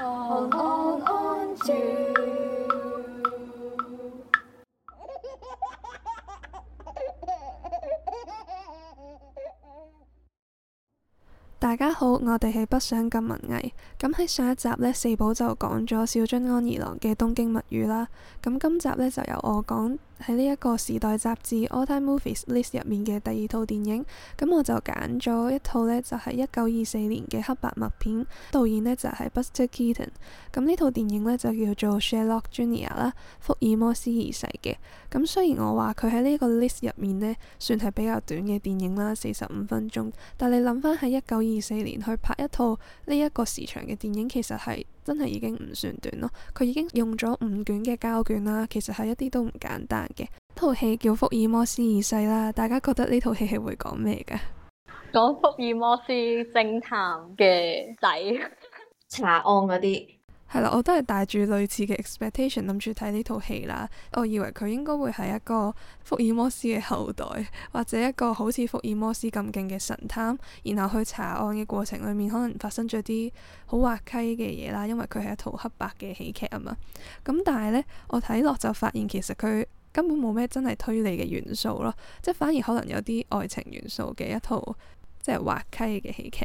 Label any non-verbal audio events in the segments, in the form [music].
All, all, [laughs] 大家好，我哋係北上咁文藝。咁喺上一集呢，四寶就講咗小津安二郎嘅《東京物語》啦。咁今集呢，就由我講。喺呢一個時代雜誌 All-Time Movies List 入面嘅第二套電影，咁我就揀咗一套呢，就係一九二四年嘅黑白默片，導演呢就係 Buster Keaton。咁呢套電影呢，就叫做 Sherlock Jr. 啦，《福爾摩斯二世》嘅。咁雖然我話佢喺呢個 list 入面呢，算係比較短嘅電影啦，四十五分鐘。但你諗翻喺一九二四年去拍一套呢一個時長嘅電影，其實係～真係已經唔算短咯，佢已經用咗五卷嘅膠卷啦，其實係一啲都唔簡單嘅。套戲叫《福爾摩斯二世》啦，大家覺得呢套戲係會講咩㗎？講福爾摩斯偵探嘅仔 [laughs] 查案嗰啲。係啦，我都係帶住類似嘅 expectation，諗住睇呢套戲啦。我以為佢應該會係一個福爾摩斯嘅後代，或者一個好似福爾摩斯咁勁嘅神探，然後去查案嘅過程裏面可能發生咗啲好滑稽嘅嘢啦。因為佢係一套黑白嘅喜劇啊嘛。咁但係呢，我睇落就發現其實佢根本冇咩真係推理嘅元素咯，即係反而可能有啲愛情元素嘅一套，即係滑稽嘅喜劇。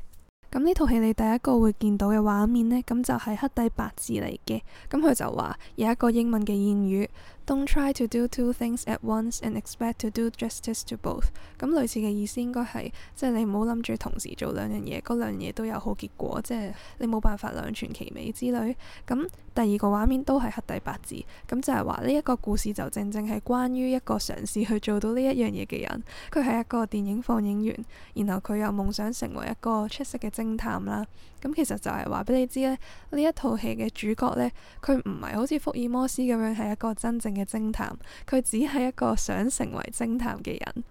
咁呢套戲你第一個會見到嘅畫面呢，咁就係黑底白字嚟嘅，咁佢就話有一個英文嘅諺語。Don't try to do two things at once and expect to do justice to both。咁類似嘅意思應該係，即係你唔好諗住同時做兩樣嘢，嗰兩樣嘢都有好結果，即係你冇辦法兩全其美之類。咁第二個畫面都係黑底八字，咁就係話呢一個故事就正正係關於一個嘗試去做到呢一樣嘢嘅人，佢係一個電影放映員，然後佢又夢想成為一個出色嘅偵探啦。咁其實就係話俾你知咧，呢一套戲嘅主角咧，佢唔係好似福爾摩斯咁樣係一個真正嘅偵探，佢只係一個想成為偵探嘅人。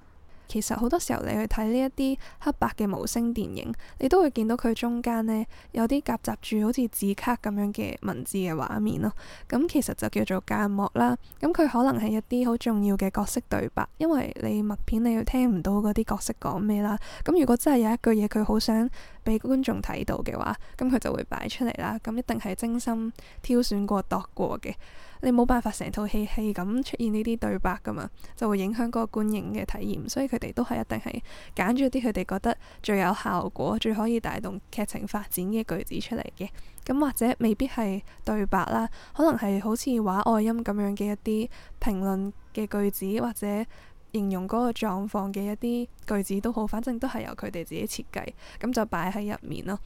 其實好多時候你去睇呢一啲黑白嘅無聲電影，你都會見到佢中間呢有啲夾雜住好似字卡咁樣嘅文字嘅畫面咯。咁、嗯、其實就叫做間幕啦。咁、嗯、佢可能係一啲好重要嘅角色對白，因為你默片你要聽唔到嗰啲角色講咩啦。咁、嗯、如果真係有一句嘢佢好想俾觀眾睇到嘅話，咁、嗯、佢就會擺出嚟啦。咁、嗯、一定係精心挑選過、度過嘅。你冇辦法成套戲戲咁出現呢啲對白㗎嘛，就會影響嗰個觀影嘅體驗，所以佢哋都係一定係揀咗啲佢哋覺得最有效果、最可以帶動劇情發展嘅句子出嚟嘅。咁或者未必係對白啦，可能係好似畫外音咁樣嘅一啲評論嘅句子，或者形容嗰個狀況嘅一啲句子都好，反正都係由佢哋自己設計，咁就擺喺入面咯。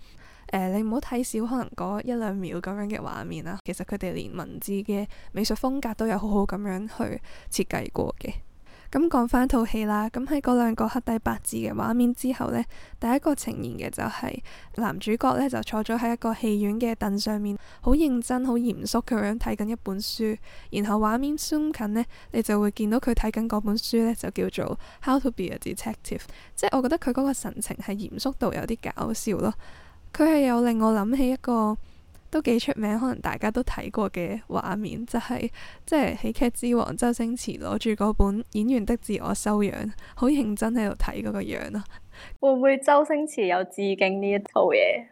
誒、呃，你唔好睇少，可能嗰一兩秒咁樣嘅畫面啦。其實佢哋連文字嘅美術風格都有好好咁樣去設計過嘅。咁講翻套戲啦。咁喺嗰兩個黑底白字嘅畫面之後呢，第一個呈現嘅就係男主角呢，就坐咗喺一個戲院嘅凳上面，好認真、好嚴肅嘅樣睇緊一本書。然後畫面 zoom 近呢，你就會見到佢睇緊嗰本書呢，就叫做《How to Be a Detective》。即係我覺得佢嗰個神情係嚴肅到有啲搞笑咯。佢係有令我諗起一個都幾出名，可能大家都睇過嘅畫面，就係即係喜劇之王周星馳攞住嗰本《演員的自我修養》，好認真喺度睇嗰個樣啊。會唔會周星馳有致敬呢一套嘢？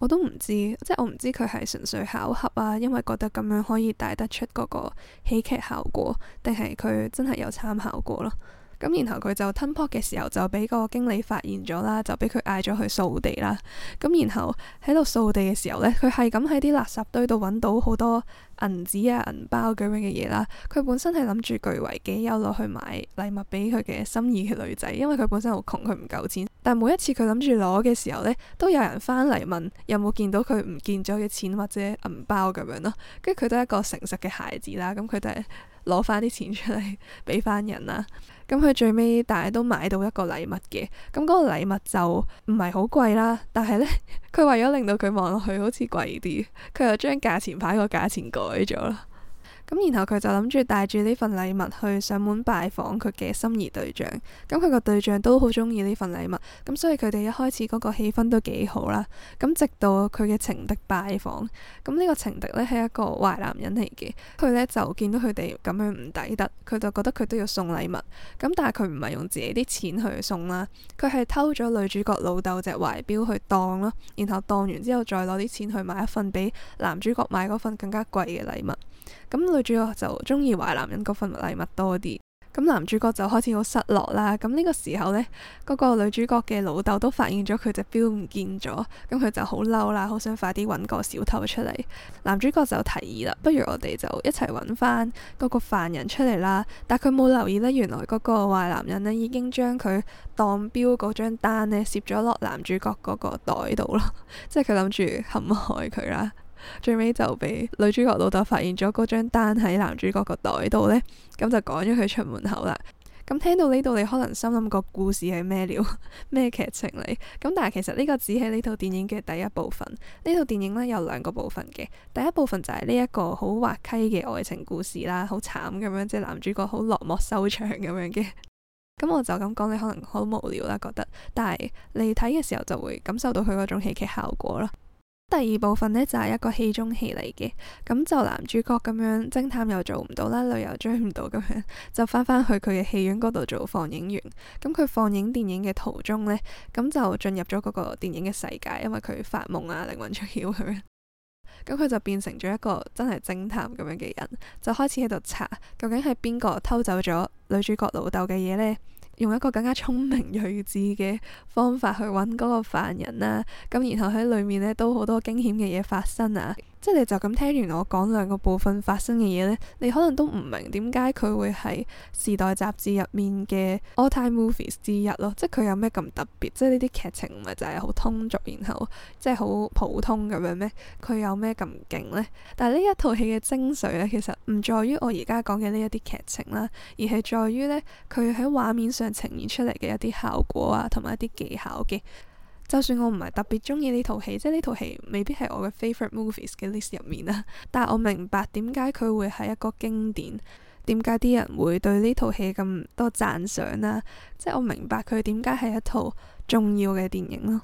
我都唔知，即係我唔知佢係純粹巧合啊，因為覺得咁樣可以帶得出嗰個喜劇效果，定係佢真係有參考過咯。咁，然後佢就吞泡嘅時候就俾個經理發現咗啦，就俾佢嗌咗去掃地啦。咁，然後喺度掃地嘅時候呢，佢係咁喺啲垃圾堆度揾到好多銀紙啊、銀包咁樣嘅嘢啦。佢本身係諗住據為己有落去買禮物俾佢嘅心儀嘅女仔，因為佢本身好窮，佢唔夠錢。但每一次佢諗住攞嘅時候呢，都有人翻嚟問有冇見到佢唔見咗嘅錢或者銀包咁樣咯。跟住佢都係一個誠實嘅孩子啦。咁佢都係攞翻啲錢出嚟俾翻人啦。咁佢最尾，但係都買到一個禮物嘅。咁嗰個禮物就唔係好貴啦，但係咧，佢為咗令到佢望落去好似貴啲，佢又將價錢牌個價錢改咗啦。咁，然後佢就諗住帶住呢份禮物去上門拜訪佢嘅心儀對象。咁佢個對象都好中意呢份禮物，咁所以佢哋一開始嗰個氣氛都幾好啦。咁直到佢嘅情敵拜訪，咁呢個情敵呢係一個壞男人嚟嘅，佢呢就見到佢哋咁樣唔抵得，佢就覺得佢都要送禮物。咁但係佢唔係用自己啲錢去送啦，佢係偷咗女主角老豆隻懷錶去當咯，然後當完之後再攞啲錢去買一份比男主角買嗰份更加貴嘅禮物。咁女主角就中意壞男人嗰份禮物多啲，咁男主角就開始好失落啦。咁呢個時候呢，嗰、嗰個女主角嘅老豆都發現咗佢隻表唔見咗，咁佢就好嬲啦，好想快啲搵個小偷出嚟。男主角就提議啦，不如我哋就一齊搵翻嗰個犯人出嚟啦。但佢冇留意呢，原來嗰個壞男人呢已經將佢當表嗰張單呢攝咗落男主角嗰個袋度啦， [laughs] 即係佢諗住陷害佢啦。最尾就俾女主角老豆發現咗嗰張單喺男主角個袋度呢，咁就趕咗佢出門口啦。咁聽到呢度，你可能心諗個故事係咩料，咩 [laughs] 劇情嚟？咁但係其實呢個只係呢套電影嘅第一部分。呢套電影呢，有兩個部分嘅，第一部分就係呢一個好滑稽嘅愛情故事啦，好慘咁樣，即係男主角好落寞收場咁樣嘅。咁我就咁講，你可能好無聊啦，覺得，但係你睇嘅時候就會感受到佢嗰種喜劇效果啦。第二部分呢，就係一個戲中戲嚟嘅，咁就男主角咁樣偵探又做唔到啦，女又追唔到咁樣，就翻返去佢嘅戲院嗰度做放映員。咁佢放映電影嘅途中呢，咁就進入咗嗰個電影嘅世界，因為佢發夢啊，靈魂出竅咁樣。咁佢就變成咗一個真係偵探咁樣嘅人，就開始喺度查究竟係邊個偷走咗女主角老豆嘅嘢呢？用一個更加聰明睿智嘅方法去搵嗰個犯人啦，咁然後喺裏面咧都好多驚險嘅嘢發生啊！即係你就咁聽完我講兩個部分發生嘅嘢呢，你可能都唔明點解佢會係《時代雜誌》入面嘅 All Time Movies 之一咯。即係佢有咩咁特別？即係呢啲劇情唔係就係好通俗，然後即係好普通咁樣咩？佢有咩咁勁呢？但係呢一套戲嘅精髓呢，其實唔在於我而家講嘅呢一啲劇情啦，而係在於呢，佢喺畫面上呈現出嚟嘅一啲效果啊，同埋一啲技巧嘅。就算我唔係特別中意呢套戲，即係呢套戲未必係我嘅 favorite movies 嘅 list 入面啊。但係我明白點解佢會係一個經典，點解啲人會對呢套戲咁多讚賞啦。即係我明白佢點解係一套重要嘅電影咯。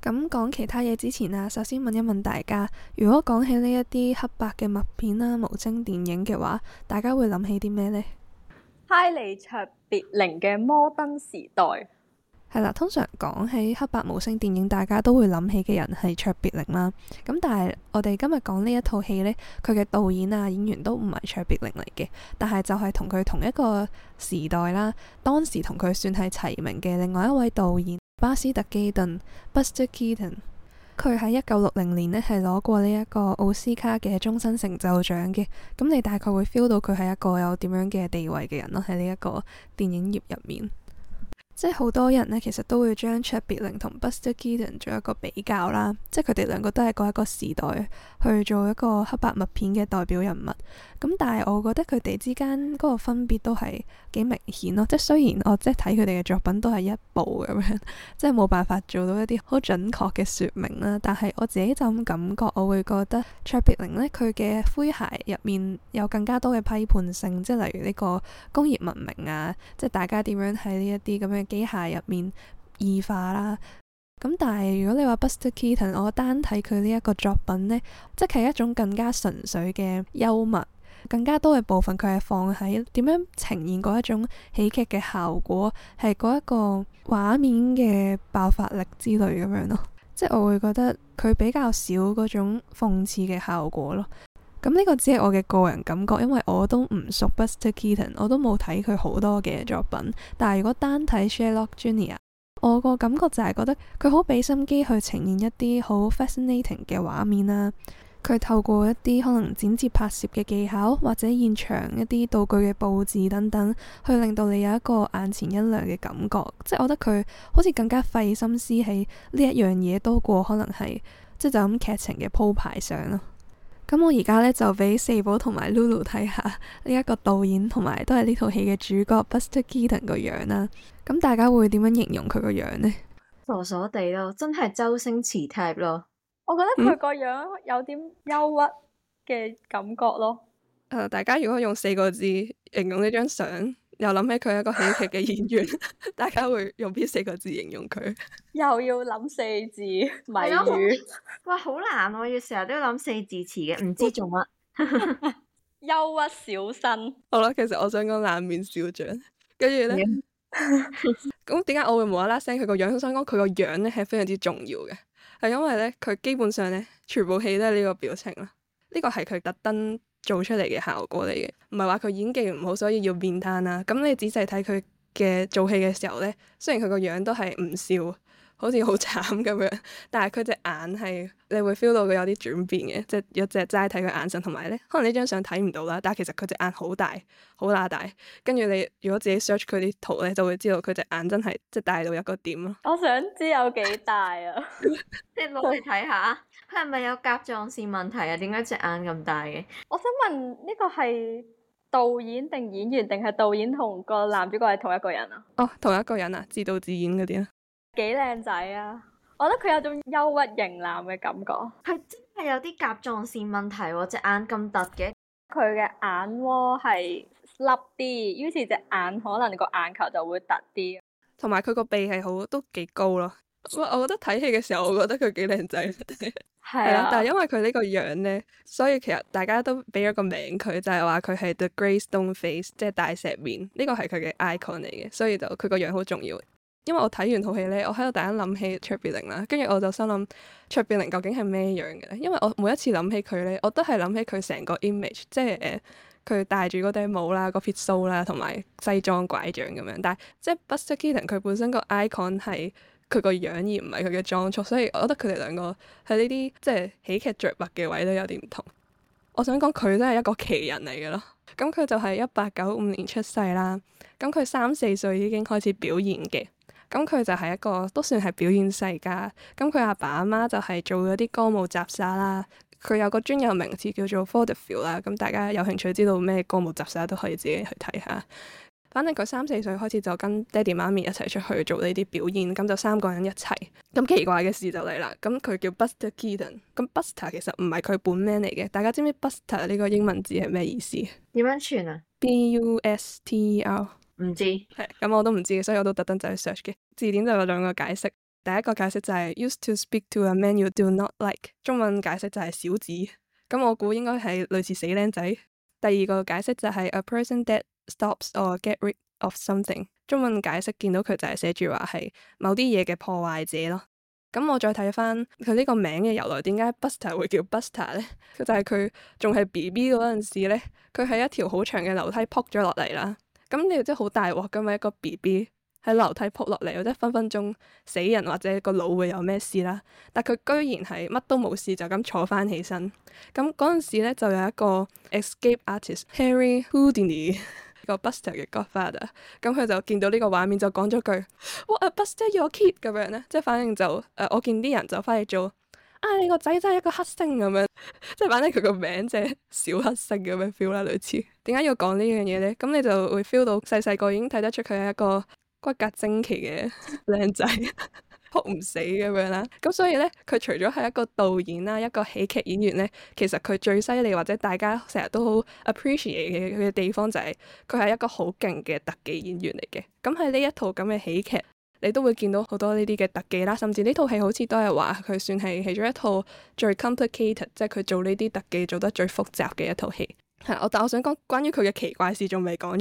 咁講其他嘢之前啊，首先問一問大家，如果講起呢一啲黑白嘅默片啦、無聲電影嘅話，大家會諗起啲咩呢？哈利·卓別靈嘅《摩登時代》。係啦，通常講起黑白無聲電影，大家都會諗起嘅人係卓別靈啦。咁但係我哋今日講呢一套戲呢，佢嘅導演啊、演員都唔係卓別靈嚟嘅，但係就係同佢同一個時代啦，當時同佢算係齊名嘅另外一位導演巴斯特基頓 （Buster Keaton）。佢喺一九六零年呢係攞過呢一個奧斯卡嘅終身成就獎嘅。咁你大概會 feel 到佢係一個有點樣嘅地位嘅人咯，喺呢一個電影業入面。即係好多人咧，其實都會將卓別靈同 Buster Keaton 做一個比較啦。即係佢哋兩個都係嗰一個時代去做一個黑白默片嘅代表人物。咁但係我覺得佢哋之間個分別都係幾明顯咯。即係雖然我即係睇佢哋嘅作品都係一部咁樣，即係冇辦法做到一啲好準確嘅說明啦。但係我自己就咁感覺，我會覺得卓別靈咧，佢嘅詼諧入面有更加多嘅批判性，即係例如呢個工業文明啊，即係大家點樣喺呢一啲咁樣。機械入面異化啦，咁但係如果你話 Buster Keaton，我單睇佢呢一個作品呢，即係一種更加純粹嘅幽默，更加多嘅部分佢係放喺點樣呈現嗰一種喜劇嘅效果，係嗰一個畫面嘅爆發力之類咁樣咯，即係我會覺得佢比較少嗰種諷刺嘅效果咯。咁呢個只係我嘅個人感覺，因為我都唔熟 Buster Keaton，我都冇睇佢好多嘅作品。但係如果單睇 Sherlock Junior，我個感覺就係覺得佢好俾心機去呈現一啲好 fascinating 嘅畫面啦。佢透過一啲可能剪接拍攝嘅技巧，或者現場一啲道具嘅佈置等等，去令到你有一個眼前一亮嘅感覺。即係我覺得佢好似更加費心思喺呢一樣嘢多過可能係，即係就咁劇情嘅鋪排上咯。咁我而家咧就畀四寶同埋 Lulu 睇下呢一個導演同埋都係呢套戲嘅主角 Buster Keaton 個樣啦。咁大家會點樣形容佢個樣咧？傻傻地咯，真係周星馳 type 咯。我覺得佢個樣有點憂鬱嘅感覺咯。誒、嗯呃，大家如果用四個字形容呢張相？又諗起佢係一個喜劇嘅演員， [laughs] 大家會用邊四個字形容佢？又要諗四字謎 [laughs] 語， [laughs] 哇，好難喎！我要成日都要諗四字詞嘅，唔知做乜，憂 [laughs] 鬱 [laughs] 小生。好啦，其實我想講冷面笑匠，跟住咧，咁點解我會無啦啦 show 佢個樣，想講佢個樣咧係非常之重要嘅，係因為咧佢基本上咧全部戲都係呢個表情啦，呢個係佢特登做出嚟嘅效果嚟嘅。唔係話佢演技唔好，所以要變態啦。咁你仔細睇佢嘅做戲嘅時候咧，雖然佢個樣都係唔笑，好似好慘咁樣，但係佢隻眼係你會 feel 到佢有啲轉變嘅，即係有隻齋睇佢眼神同埋咧，可能呢張相睇唔到啦，但係其實佢隻眼好大，好乸大。跟住你如果自己 search 佢啲圖咧，就會知道佢隻眼真係即係大到一個點咯。我想知有幾大啊？即係落去睇下，佢係咪有甲狀腺問題啊？點解隻眼咁大嘅？我想問呢個係。導演定演員定係導演同個男主角係同一個人啊？哦，同一個人啊，自導自演嗰啲啊。幾靚仔啊！我覺得佢有種憂鬱型男嘅感覺。佢真係有啲甲狀腺問題喎，啊，隻眼咁凸嘅。佢嘅眼窩係凹啲，於是隻眼可能個眼球就會凸啲。同埋佢個鼻係好都幾高咯。我我覺得睇戲嘅時候，我覺得佢幾靚仔。係 [laughs] 啦、啊，但係因為佢呢個樣咧，所以其實大家都俾咗個名佢，就係話佢係 The Grey Stone Face，即係大石面。呢個係佢嘅 icon 嚟嘅，所以就佢個樣好重要。因為我睇完套戲咧，我喺度突然間諗起卓別林啦，跟住我就心諗卓別林究竟係咩樣嘅咧？因為我每一次諗起佢咧，我都係諗起佢成個 image，即係誒，佢戴住嗰頂帽啦，個 fit suit 啦，同埋西裝拐杖咁樣。但係即係 Buster Keaton 佢本身個 icon 係佢個樣而唔係佢嘅裝束，所以我覺得佢哋兩個喺呢啲即係喜劇着墨嘅位都有啲唔同。我想講佢都係一個奇人嚟嘅咯。咁佢就係一八九五年出世啦。咁佢三四歲已經開始表演嘅。咁佢就係一個都算係表演世家。咁佢阿爸阿媽就係做咗啲歌舞雜耍啦。佢有個專有名詞叫做 Vaudeville 啦。咁大家有興趣知道咩歌舞雜耍都可以自己去睇下。反正佢三四歲開始就跟爹地媽咪一齊出去做呢啲表演，咁就三個人一齊。咁、嗯、奇怪嘅事就嚟啦。咁佢叫 Buster Keaton。咁 Buster 其實唔係佢本名嚟嘅。大家知唔知 Buster 呢個英文字係咩意思？點樣傳啊？B-U-S-T-E-R，唔知。係。咁我都唔知嘅，所以我都特登走去 search 嘅字典就有兩個解釋。第一個解釋就係、是、used to speak to a man you do not like。中文解釋就係小子。咁我估應該係類似死靚仔。第二個解釋就係、是、a person that。Stops or get rid of something。中文解釋見到佢就係寫住話係某啲嘢嘅破壞者咯。咁我再睇翻佢呢個名嘅由來，點解 Buster 會叫 Buster 咧？佢就係佢仲係 B B 嗰陣時咧，佢喺一條好長嘅樓梯撲咗落嚟啦。咁你即係好大鑊，咁樣一個 B B 喺樓梯撲落嚟，即係分分鐘死人或者個腦會有咩事啦。但佢居然係乜都冇事就咁坐翻起身。咁嗰陣時咧就有一個 escape artist Harry Houdini。個 buster 嘅 godfather，咁佢就見到呢個畫面就講咗句 what a buster your kid 咁樣咧，即係反正就誒、呃，我見啲人就翻嚟做啊，你個仔真係一個黑星，咁樣，即係反正佢個名即係小黑星咁樣 feel 啦，類似。點解要講呢樣嘢咧？咁你就會 feel 到細細個已經睇得出佢係一個骨骼精奇嘅靚仔。 [laughs] 扑唔死咁樣啦，咁所以咧，佢除咗係一個導演啦，一個喜劇演員咧，其實佢最犀利或者大家成日都好 appreciate 嘅佢嘅地方就係佢係一個好勁嘅特技演員嚟嘅。咁喺呢一套咁嘅喜劇，你都會見到好多呢啲嘅特技啦，甚至呢套戲好似都係話佢算係其中一套最 complicated，即係佢做呢啲特技做得最複雜嘅一套戲。係我，但我想講關於佢嘅奇怪事仲未講完，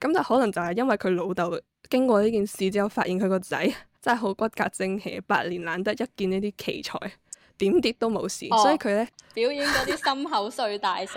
咁就可能就係因為佢老豆經過呢件事之後，發現佢個仔。真係好骨骼精奇，百年難得一見呢啲奇才，點跌都冇事。哦、所以佢咧， [laughs] 表演嗰啲心口碎大石，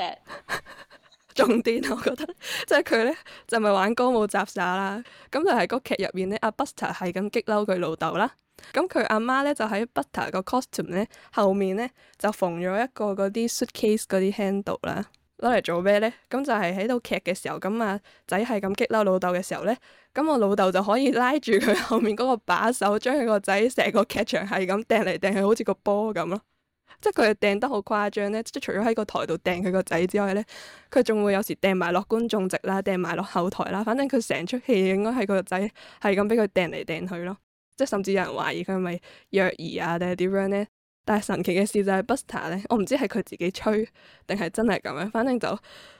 重 [laughs] 癲， [laughs] 我覺得。即係佢咧就咪玩歌舞雜耍啦。咁就喺個劇入面咧，阿 Buster 係咁激嬲佢老豆啦。咁佢阿媽咧就喺 Buster 個 costume 咧後面咧就縫咗一個嗰啲 suitcase 嗰啲 handle 啦。攞嚟做咩咧？咁就係喺度劇嘅時候，咁啊仔係咁激嬲老豆嘅時候咧，咁我老豆就可以拉住佢後面嗰個把手，將佢個仔成個劇場係咁掟嚟掟去，好似個波咁咯。即係佢又掟得好誇張咧，即係除咗喺個台度掟佢個仔之外咧，佢仲會有時掟埋落觀眾席啦，掟埋落後台啦。反正佢成出戲應該係個仔係咁俾佢掟嚟掟去咯。即係甚至有人懷疑佢係咪虐兒啊定係點樣咧？但係神奇嘅事就係 Buster 咧，我唔知係佢自己吹定係真係咁樣，反正就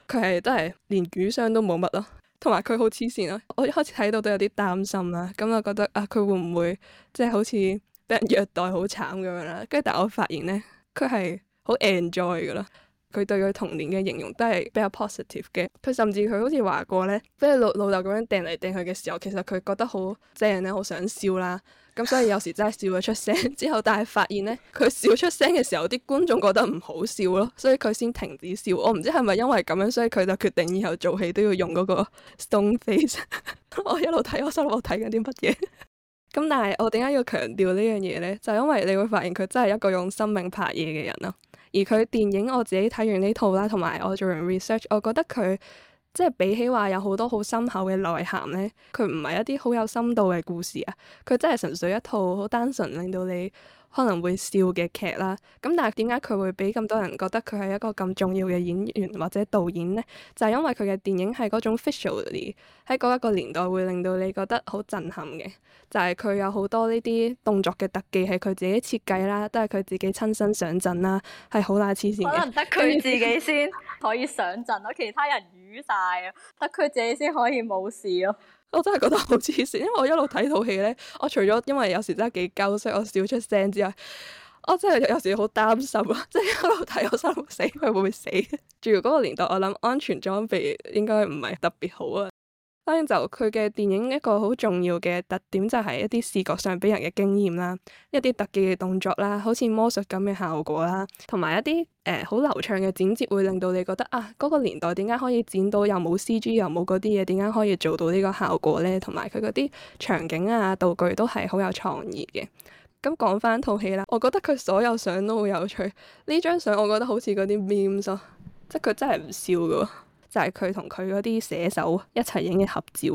佢、是，係都係連瘀傷都冇乜咯，同埋佢好黐線咯。我一開始睇到都有啲擔心啦，咁、嗯、就覺得啊，佢會唔會即係、就是、好似俾人虐待好慘咁樣啦？跟住但係我發現咧，佢係好 enjoy 噶啦。佢對佢童年嘅形容都係比較 positive 嘅。佢甚至佢好似話過呢，畀佢老老豆咁樣掟嚟掟去嘅時候，其實佢覺得好正係咧，好想笑啦。咁所以有時真係笑咗出聲之後，但係發現呢，佢笑出聲嘅時候，啲觀眾覺得唔好笑咯，所以佢先停止笑。我唔知係咪因為咁樣，所以佢就決定以後做戲都要用嗰個 stone face。 [laughs] 我一路睇，我心諗 [laughs] 我睇緊啲乜嘢？咁但係我點解要強調呢樣嘢呢？就係、因為你會發現佢真係一個用生命拍嘢嘅人咯。而佢電影我自己睇完呢套啦，同埋我做完 research，我覺得佢即係比起話有好多好深厚嘅內涵咧，佢唔係一啲好有深度嘅故事啊，佢真係純粹一套好單純令到你可能會笑嘅劇啦，咁但係點解佢會俾咁多人覺得佢係一個咁重要嘅演員或者導演呢？就係、是、因為佢嘅電影係嗰種 visually 喺嗰一個年代會令到你覺得好震撼嘅，就係、是、佢有好多呢啲動作嘅特技係佢自己設計啦，都係佢自己親身上陣啦，係好乸黐線可能得佢自己先可以上陣咯， [laughs] 其他人瘀晒，得佢自己先可以冇事咯、啊。我真係覺得好黐線，因為我一路睇套戲咧，我除咗因為有時真係幾鳩塞，我笑出聲之外，我真係有有時好擔心啊！即係一路睇我心死，佢會唔會死？仲 [laughs] 要嗰個年代，我諗安全裝備應該唔係特別好啊。當然就佢嘅電影一個好重要嘅特點就係一啲視覺上俾人嘅經驗啦，一啲特技嘅動作啦，好似魔術咁嘅效果啦，同埋一啲誒好流暢嘅剪接會令到你覺得啊嗰個年代點解可以剪到又冇 CG 又冇嗰啲嘢，點解可以做到呢個效果咧？同埋佢嗰啲場景啊道具都係好有創意嘅。咁講翻套戲啦，我覺得佢所有相都好有趣。呢張相我覺得好似嗰啲 memes 咁，即係佢真係唔笑㗎喎。就係佢同佢嗰啲寫手一齊影嘅合照。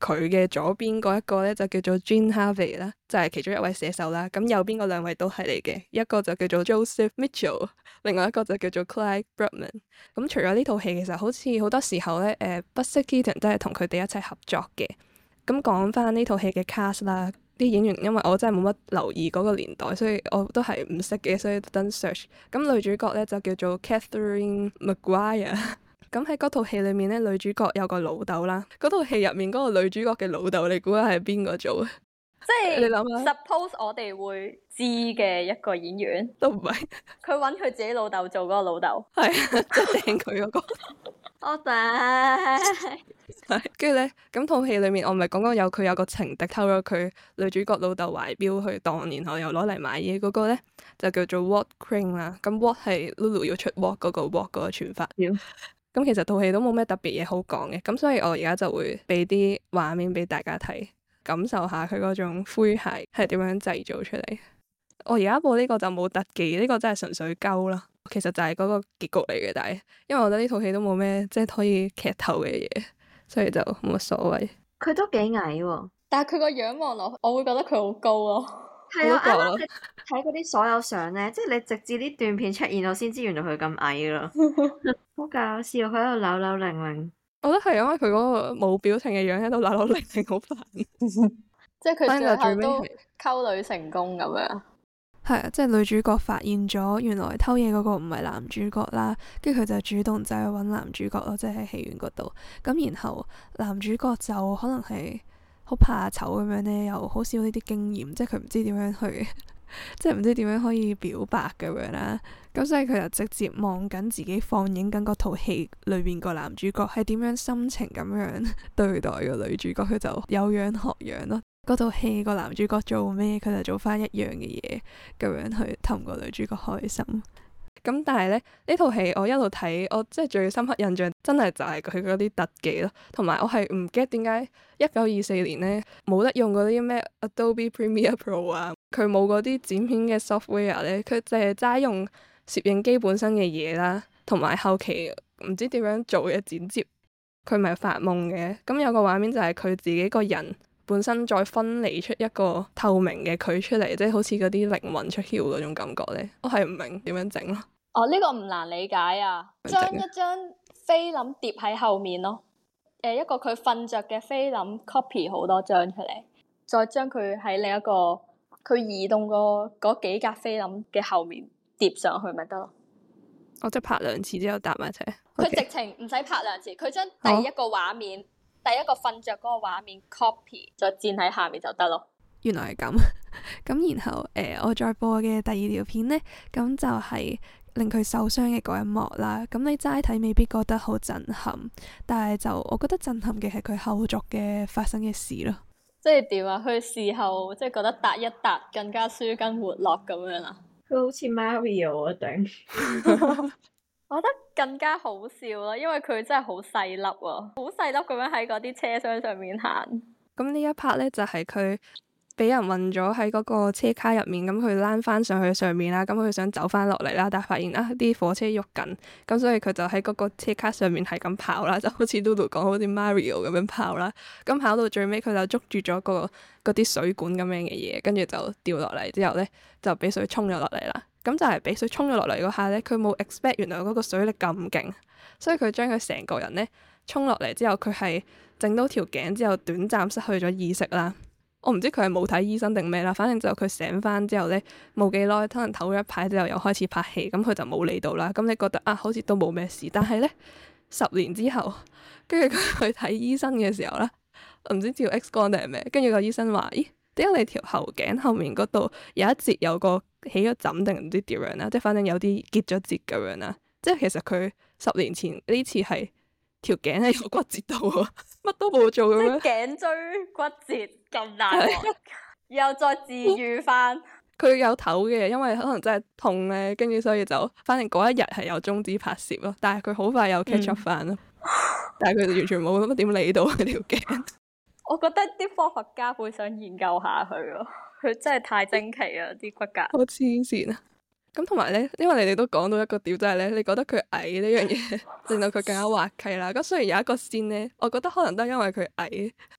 佢嘅左邊嗰一個咧就叫做 Jean Harvey 啦，就係其中一位寫手啦。咁右邊嗰兩位都係嚟嘅，一個就叫做 Joseph Mitchell，另外一個就叫做 Clyde Bruckman。咁除咗呢套戲，其實好似好多時候咧，誒、呃、Buster Keaton 都係同佢哋一齊合作嘅。咁講翻呢套戲嘅 cast 啦，啲演員因為我真係冇乜留意嗰個年代，所以我都係唔識嘅，所以特登 search。咁女主角咧就叫做 Catherine McGuire。咁喺嗰套戲裏面咧，女主角有個老豆啦。嗰套戲入面嗰個女主角嘅老豆，你估下係邊個做啊？即係你諗啊？Suppose 我哋會知嘅一個演員都唔係佢揾佢自己老豆做嗰個老豆，係啊，就掟佢嗰個。我頂。跟住咧，咁套戲裏面我唔係講過有佢有個情敵偷咗佢女主角老豆懷表去當，然後又攞嚟買嘢嗰個咧，就叫做《What Cring》啦。咁 What 係 Lulu 要出 What 嗰個 What 嗰個傳法。咁其實套戲都冇咩特別嘢好講嘅，咁所以我而家就會俾啲畫面俾大家睇，感受下佢嗰種詼諧係點樣製造出嚟。我而家播呢個就冇特技，呢個真係純粹鳩啦。其實就係嗰個結局嚟嘅，但係因為我覺得呢套戲都冇咩即係可以劇透嘅嘢，所以就冇乜所謂。佢都幾矮喎，但係佢個樣望落，我會覺得佢好高咯。睇嗰啲所有相呢， [laughs] 即係你直至啲段片出現，我先知原來佢咁矮咯，好搞, [laughs] [laughs] 笑，佢喺度扭扭擰擰。 [laughs] 嗯、我覺得係因為佢嗰個冇表情嘅樣喺度扭扭擰擰，好煩。即係佢最後都溝女成功咁樣。係啊，即、就、係、是、女主角發現咗原來偷嘢嗰個唔係男主角啦，跟住佢就主動走去揾男主角咯，即係喺戲院嗰度。咁然後男主角就可能係。好怕醜咁樣呢，又好少呢啲經驗，即係佢唔知點樣去， [laughs] 即係唔知點樣可以表白咁樣啦。咁所以佢就直接望緊自己放映緊嗰套戲裏邊個男主角係點樣心情咁樣對待個女主角，佢就有樣學樣咯。嗰套戲個男主角做咩，佢就做翻一樣嘅嘢，咁樣去氹個女主角開心。咁但係咧，呢套戲我一路睇，我即係最深刻印象真係就係佢嗰啲特技咯，同埋我係唔 get 點解一九二四年咧，冇得用嗰啲咩 Adobe Premiere Pro 啊，佢冇嗰啲剪片嘅 software 咧，佢淨係齋用攝影機本身嘅嘢啦，同埋後期唔知點樣做嘅剪接，佢咪發夢嘅。咁有個畫面就係佢自己個人。本身再分離出一個透明嘅佢出嚟，即係好似嗰啲靈魂出竅嗰種感覺咧，我係唔明點樣整咯。哦，呢、這個唔難理解啊，將一張菲林疊喺後面咯，誒一個佢瞓着嘅菲林 copy 好多張出嚟，再將佢喺另一個佢移動過嗰幾格菲林嘅後面疊上去咪得咯。哦，即係拍兩次之後搭埋一齊。佢、okay. 直情唔使拍兩次，佢將第一個畫面、哦。第一個瞓着嗰個畫面 copy，再剪喺下面就得咯。原來係咁，咁 [laughs] 然後誒、呃，我再播嘅第二條片呢，咁就係令佢受傷嘅嗰一幕啦。咁你齋睇未必覺得好震撼，但係就我覺得震撼嘅係佢後續嘅發生嘅事咯，啊。即係點啊？佢事後即係覺得搭一搭更加舒筋活絡咁樣啦。佢好似 Mario 啊頂。 [laughs] [laughs] 我覺得更加好笑咯，因為佢真係好細粒喎，好細粒咁樣喺嗰啲車廂上面行。咁呢一 part 咧就係佢俾人運咗喺嗰個車卡入面，咁佢躝翻上去上面啦，咁佢想走翻落嚟啦，但係發現啊啲火車喐緊，咁所以佢就喺嗰個車卡上面係咁跑啦，就好似 Lulu 講，好似 Mario 咁樣跑啦。咁跑到最尾佢就捉住咗嗰嗰啲水管咁樣嘅嘢，跟住就掉落嚟之後咧就俾水沖咗落嚟啦。咁就係俾水沖咗落嚟嗰下咧，佢冇 expect，原來嗰個水力咁勁，所以佢將佢成個人咧沖落嚟之後，佢係整到條頸之後短暫失去咗意識啦。我唔知佢係冇睇醫生定咩啦，反正就佢醒翻之後咧冇幾耐，可能唞咗一排之後又開始拍戲，咁佢就冇理到啦。咁你覺得啊，好似都冇咩事，但係咧十年之後，跟住佢去睇醫生嘅時候啦，唔知照 X 光定係咩，跟住個醫生話：咦，點解你條喉頸後面嗰度有一截有個？起咗枕定唔知點樣啦，即係反正有啲結咗節咁樣啦，即係其實佢十年前呢次係條頸係有骨折到，乜都冇做嘅咩？頸 [laughs] 椎骨折咁大，對 [laughs] 又再治癒翻。佢、嗯嗯、 [laughs] 有抖嘅，因為可能真係痛咧，跟住所以就反正嗰一日係有中止拍攝咯，但係佢好快又 catch up 翻咯、嗯。 [laughs] 但係佢完全冇乜點理到嗰條頸。 [laughs] 我覺得啲科學家會想研究下佢咯。佢真係太精奇啊！啲骨骼好黐線啊！咁同埋咧，因為你哋都講到一個屌，即係咧，你覺得佢矮呢樣嘢， [laughs] 令到佢更加滑稽啦。咁雖然有一個線咧，我覺得可能都係因為佢矮，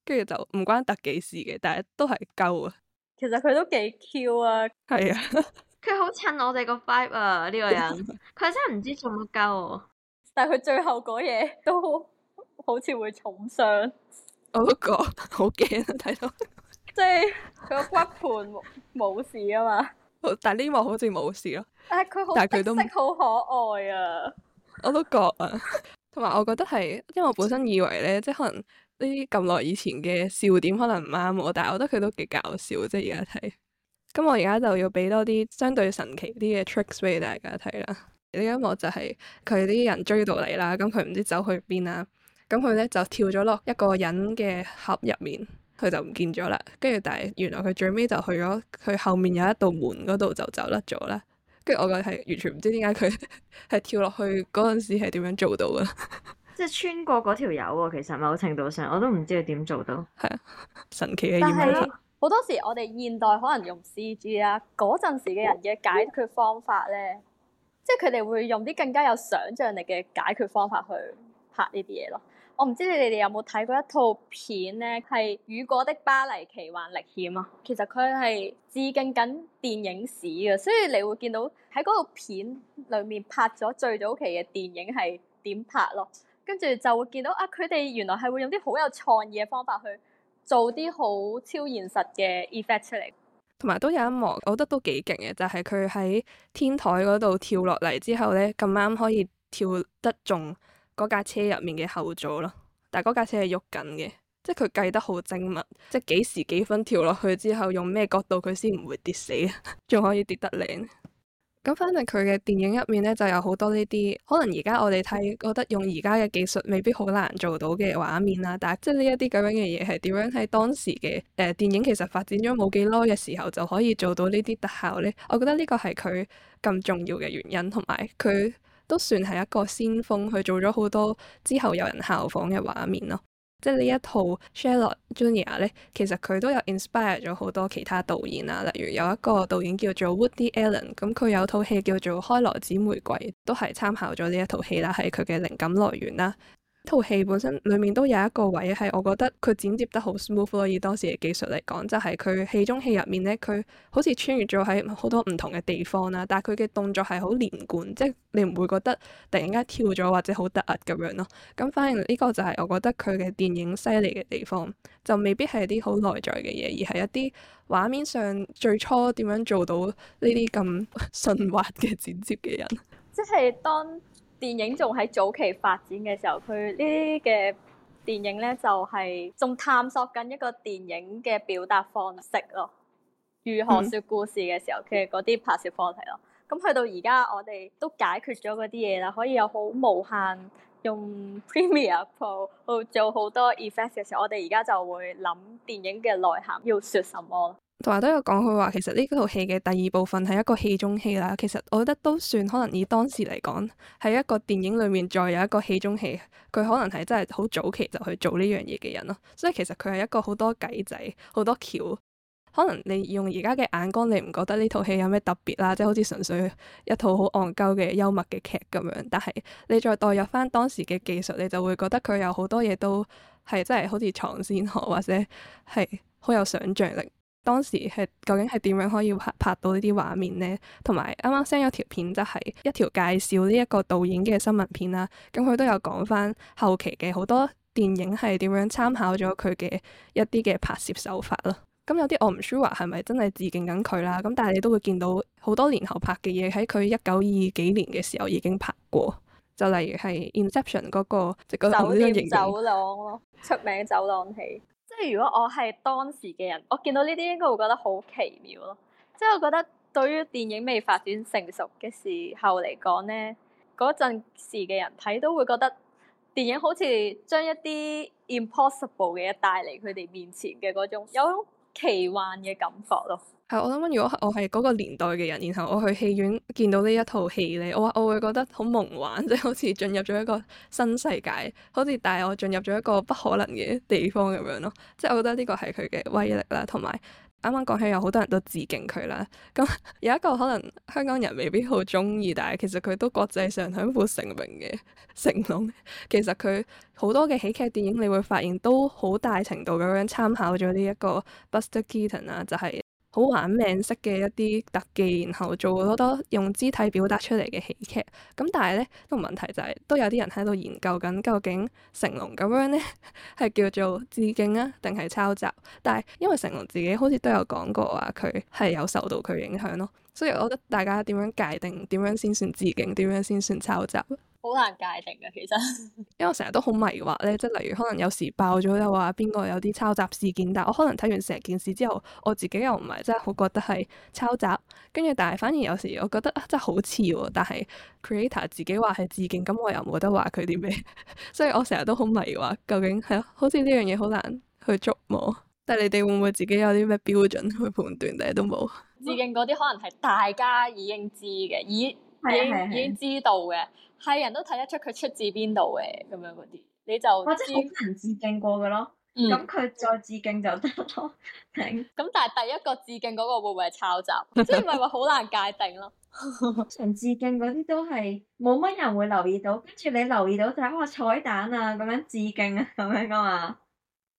跟住就唔關特技事嘅，但係都係鳩啊。其實佢都幾 Q 啊！係啊，佢好襯我哋個 five 啊！呢個人，佢真係唔知做乜鳩，但係佢最後嗰嘢都好似會重傷。 [laughs] 我都覺，好驚啊！睇到。即係佢個骨盆冇事啊嘛？ [laughs] 但呢幕好似冇事咯。啊、但係佢都好可愛啊！ [laughs] 我都覺啊，同 [laughs] 埋我覺得係，因為我本身以為咧，即係可能呢啲咁耐以前嘅笑點可能唔啱我，但係我覺得佢都幾搞笑，即係而家睇。咁我而家就要俾多啲相對神奇啲嘅 tricks 俾大家睇啦。呢 [laughs] 一幕就係佢啲人追到嚟啦，咁佢唔知走去邊啦，咁佢咧就跳咗落一個人嘅盒入面。佢就唔見咗啦，跟住但係原來佢最尾就去咗佢後面有一道門嗰度就走甩咗啦。跟住我覺係完全唔知點解佢係跳落去嗰陣時係點樣做到嘅，即係穿過嗰條友啊！其實某程度上我都唔知佢點做到。係啊，神奇嘅。但係好多時我哋現代可能用 CG 啊，嗰陣時嘅人嘅解決方法咧，即係佢哋會用啲更加有想像力嘅解決方法去拍呢啲嘢咯。我唔知你哋有冇睇過一套片咧，係《雨果的巴黎奇幻歷險》啊。其實佢係致敬緊電影史嘅，所以你會見到喺嗰套片裏面拍咗最早期嘅電影係點拍咯。跟住就會見到啊，佢哋原來係會用啲好有創意嘅方法去做啲好超現實嘅 effect 出嚟。同埋都有一幕，我覺得都幾勁嘅，就係佢喺天台嗰度跳落嚟之後咧，咁啱可以跳得中。嗰架車入面嘅後座啦，但係嗰架車係喐緊嘅，即係佢計得好精密，即係幾時幾分跳落去之後，用咩角度佢先唔會跌死啊，仲可以跌得靚。咁反正佢嘅電影入面咧就有好多呢啲，可能而家我哋睇覺得用而家嘅技術未必好難做到嘅畫面啦，但係即係呢一啲咁樣嘅嘢係點樣喺當時嘅誒、呃、電影其實發展咗冇幾耐嘅時候就可以做到呢啲特效咧？我覺得呢個係佢咁重要嘅原因，同埋佢都算係一個先鋒，去做咗好多之後有人效仿嘅畫面咯。即係呢一套《Sherlock Junior》咧，其實佢都有 inspire 咗好多其他導演啊。例如有一個導演叫做 Woody Allen，咁佢有套戲叫做《開羅紫玫瑰》，都係參考咗呢一套戲啦，係佢嘅靈感來源啦。套戲本身裏面都有一個位係，我覺得佢剪接得好 smooth，所以當時嘅技術嚟講，就係佢戲中戲入面咧，佢好似穿越咗喺好多唔同嘅地方啦，但係佢嘅動作係好連貫，即係你唔會覺得突然間跳咗或者好突兀咁樣咯。咁反而呢個就係我覺得佢嘅電影犀利嘅地方，就未必係啲好內在嘅嘢，而係一啲畫面上最初點樣做到呢啲咁順滑嘅剪接嘅人，即係當。電影仲喺早期發展嘅時候，佢呢啲嘅電影呢，就係仲探索緊一個電影嘅表達方式咯。如何説故事嘅時候，佢嘅嗰啲拍攝方式咯。咁去到而家，我哋都解決咗嗰啲嘢啦，可以有好無限用 Premiere Pro 去做好多 effect 嘅時候，我哋而家就會諗電影嘅內涵要説什麼。同埋都有講佢話，其實呢套戲嘅第二部分係一個戲中戲啦。其實我覺得都算可能以當時嚟講，係一個電影裏面再有一個戲中戲。佢可能係真係好早期就去做呢樣嘢嘅人咯。所以其實佢係一個好多計仔、好多橋。可能你用而家嘅眼光，你唔覺得呢套戲有咩特別啦，即係好似純粹一套好戇鳩嘅幽默嘅劇咁樣。但係你再代入翻當時嘅技術，你就會覺得佢有多好多嘢都係真係好似創先河或者係好有想象力。當時係究竟係點樣可以拍拍到呢啲畫面呢？同埋啱啱 send 咗條片，就係、是、一條介紹呢一個導演嘅新聞片啦。咁、嗯、佢都有講翻後期嘅好多電影係點樣參考咗佢嘅一啲嘅拍攝手法咯。咁、嗯、有啲我唔 sure 係咪真係致敬緊佢啦。咁、嗯、但係你都會見到好多年後拍嘅嘢喺佢一九二幾年嘅時候已經拍過。就例如係 Inception 嗰、嗰個,、就是、個酒店走廊咯，拍攝出名走廊戲。即係如果我係當時嘅人，我見到呢啲應該會覺得好奇妙咯。即係我覺得對於電影未發展成熟嘅時候嚟講呢，嗰陣時嘅人睇都會覺得電影好似將一啲 impossible 嘅嘢帶嚟佢哋面前嘅嗰種有種奇幻嘅感覺咯。係、嗯，我諗，如果我係嗰個年代嘅人，然後我去戲院見到呢一套戲咧，我話我會覺得好夢幻，即係好似進入咗一個新世界，好似帶我進入咗一個不可能嘅地方咁樣咯。即係我覺得呢個係佢嘅威力啦，同埋啱啱講起，有好多人都致敬佢啦。咁有一個可能香港人未必好中意，但係其實佢都國際上享負盛名嘅成龍。其實佢好多嘅喜劇電影你會發現都好大程度咁樣參考咗呢一個 Buster Keaton 啊，就係。好玩命式嘅一啲特技，然後做好多用肢體表達出嚟嘅喜劇。咁但係咧，個問題就係，都有啲人喺度研究緊，究竟成龍咁樣咧係叫做致敬啊，定係抄襲？但係因為成龍自己好似都有講過話，佢係有受到佢影響咯。所以我覺得大家點樣界定，點樣先算致敬，點樣先算抄襲？好難界定噶，其實，因為我成日都好迷惑咧，即係例如可能有時爆咗又話邊個有啲抄襲事件，但係我可能睇完成件事之後，我自己又唔係真係好覺得係抄襲，跟住但係反而有時我覺得啊真係好似喎，但係 creator 自己話係致敬，咁我又冇得話佢啲咩， [laughs] 所以我成日都好迷惑，究竟係咯、啊，好似呢樣嘢好難去捉摸。但係你哋會唔會自己有啲咩標準去判斷，定係都冇？致敬嗰啲可能係大家已經知嘅，咦。已已知道嘅，係的人都睇得出佢出自邊度嘅，咁樣嗰啲，你就或者好多人致敬過嘅咯，咁佢，嗯、再致敬就得咯，停，嗯，咁但係第一個致敬嗰個會唔會係抄襲？ [laughs] 即係唔係話好難界定咯。常致 [laughs] 敬嗰啲都係冇乜人會留意到，跟住你留意到就係個彩蛋啊，咁樣致敬啊，咁樣噶嘛。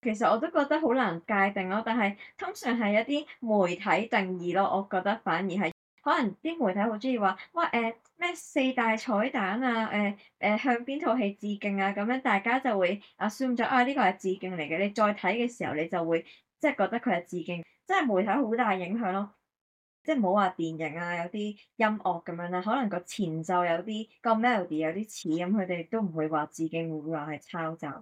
其實我都覺得好難界定咯，但係通常係一啲媒體定義咯，我覺得反而係。可能啲媒體好中意話，哇誒咩，呃、四大彩蛋啊，誒、呃、誒、呃、向邊套戲致敬啊，咁樣大家就會 assume 啊，呢個係致敬嚟嘅，你再睇嘅時候你就會即係覺得佢係致敬，真係媒體好大影響咯。即係唔好話電影啊，有啲音樂咁樣啦，可能個前奏有啲、個 melody 有啲似，咁佢哋都唔會話致敬，會話係抄襲。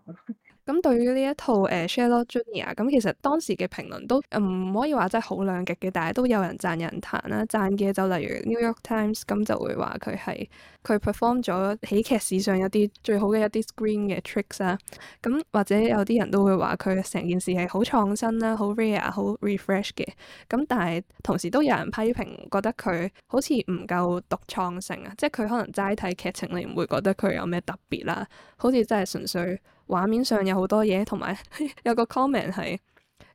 咁對於呢一套誒、呃《Sherlock Junior》咁，其實當時嘅評論都唔、嗯、可以話真係好兩極嘅，但係都有人讚人彈啦。讚嘅就例如《New York Times》咁就會話佢係佢 perform 咗喜劇史上一啲最好嘅一啲 screen 嘅 tricks 啦。咁或者有啲人都會話佢成件事係好創新啦、好 rare 很、好 refresh 嘅。咁但係同時都有人批評覺得佢好似唔夠獨創性啊，即係佢可能齋睇劇情你唔會覺得佢有咩特別啦，好似真係純粹。畫面上有好多嘢，同埋有， [laughs] 有個 comment 係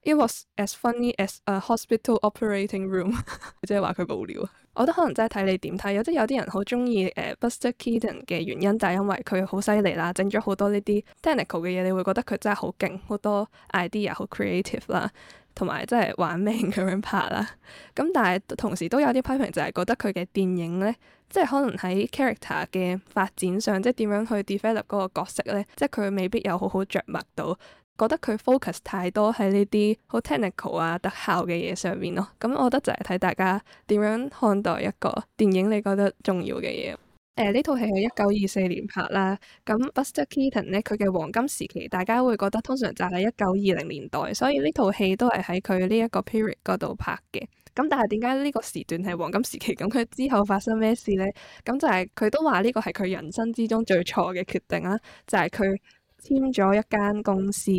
，It was as funny as a hospital operating room， [laughs] 即係話佢無聊。我覺得可能真係睇你點睇，即有啲有啲人好中意誒、uh, Buster Keaton 嘅原因就係因為佢好犀利啦，整咗好多呢啲 technical 嘅嘢，你會覺得佢真係好勁，好多 idea 好 creative 啦，同埋真係玩命咁樣拍啦。咁但係同時都有啲批評就係覺得佢嘅電影咧。即係可能喺 character 嘅發展上，即係點樣去 develop 嗰個角色咧？即係佢未必有好好着墨到，覺得佢 focus 太多喺呢啲好 technical 啊特效嘅嘢上面咯。咁，嗯，我覺得就係睇大家點樣看待一個電影，你覺得重要嘅嘢。誒呢套戲係一九二四年拍啦，咁 Buster Keaton 咧佢嘅黃金時期，大家會覺得通常就係一九二零年代，所以呢套戲都係喺佢呢一個 period 嗰度拍嘅。咁但係點解呢個時段係黃金時期咁？佢之後發生咩事咧？咁就係佢都話呢個係佢人生之中最錯嘅決定啦。就係、是、佢簽咗一間公司。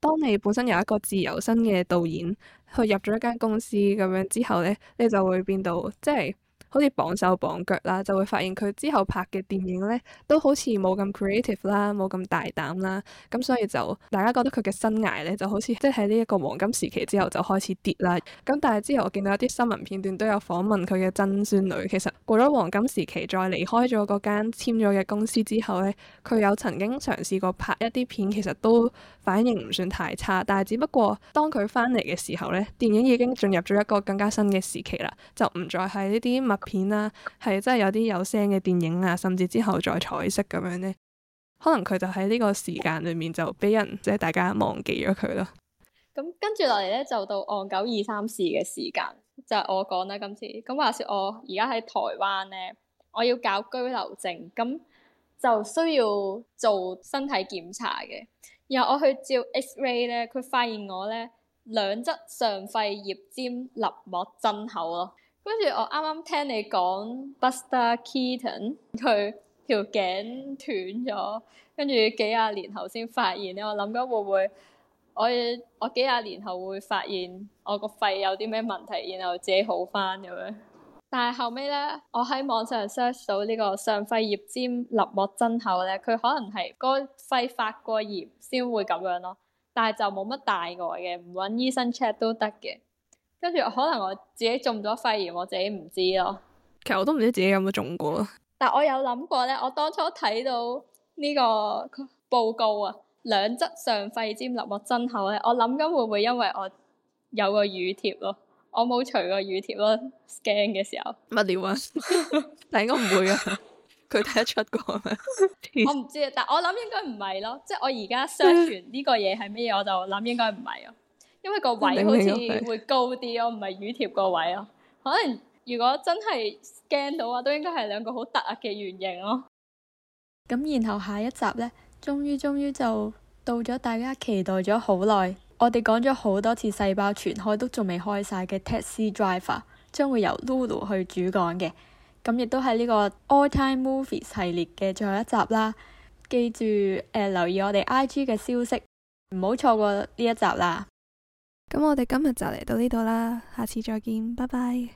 當你本身有一個自由身嘅導演，佢入咗一間公司咁樣之後咧，你就會變到即係。就是好似綁手綁腳啦，就會發現佢之後拍嘅電影咧，都好似冇咁 creative 啦，冇咁大膽啦，咁所以就大家覺得佢嘅生涯咧，就好似即係喺呢一個黃金時期之後就開始跌啦。咁但係之後我見到一啲新聞片段都有訪問佢嘅曾孫女，其實過咗黃金時期再離開咗嗰間簽咗嘅公司之後咧，佢有曾經嘗試過拍一啲片，其實都反應唔算太差，但係只不過當佢翻嚟嘅時候咧，電影已經進入咗一個更加新嘅時期啦，就唔再係呢啲片啦，啊，係真係有啲有聲嘅電影啊，甚至之後再彩色咁樣呢。可能佢就喺呢個時間裏面就俾人即係大家忘記咗佢咯。咁、嗯、跟住落嚟咧，就到岸久二三事嘅時間，就係、是、我講啦今次。咁話說我而家喺台灣呢，我要搞居留證，咁就需要做身體檢查嘅。然後我去照 X ray 咧，佢發現我咧兩側上肺葉尖肋膜增厚咯。跟住我啱啱聽你講 Buster Keaton，佢條頸斷咗，跟住幾廿年後先發現咧。我諗緊會唔會我我幾廿年後會發現我個肺有啲咩問題，然後自己好翻咁樣？但係後尾咧，我喺網上 search 到呢個上肺葉尖肋膜增厚咧，佢可能係個肺發過炎先會咁樣咯。但係就冇乜大礙嘅，唔揾醫生 check 都得嘅。跟住可能我自己中咗肺炎，我自己唔知咯。其實我都唔知自己有冇中過。但我有諗過咧，我當初睇到呢個報告啊，兩側上肺尖肋膜增厚咧，我諗緊會唔會因為我有個乳貼咯？我冇除個乳貼咯，scan 嘅時候。乜料啊， [laughs] [laughs] 但應該唔會啊。佢睇得出個我唔知啊，但我諗應該唔係咯。即係我而家相傳呢個嘢係咩嘢， [laughs] 我就諗應該唔係啊。因為個位好似會高啲咯，唔係乳貼個位咯。可能如果真係驚到啊，都應該係兩個好突嘅圓形咯。咁然後下一集呢，終於終於就到咗大家期待咗好耐，我哋講咗好多次細胞全開都仲未開晒嘅 taxi driver 將會由 Lulu 去主講嘅。咁亦都係呢個 All Time Movies 系列嘅最後一集啦。記住誒、呃，留意我哋 I G 嘅消息，唔好錯過呢一集啦。咁我哋今日就嚟到呢度啦，下次再見，拜拜。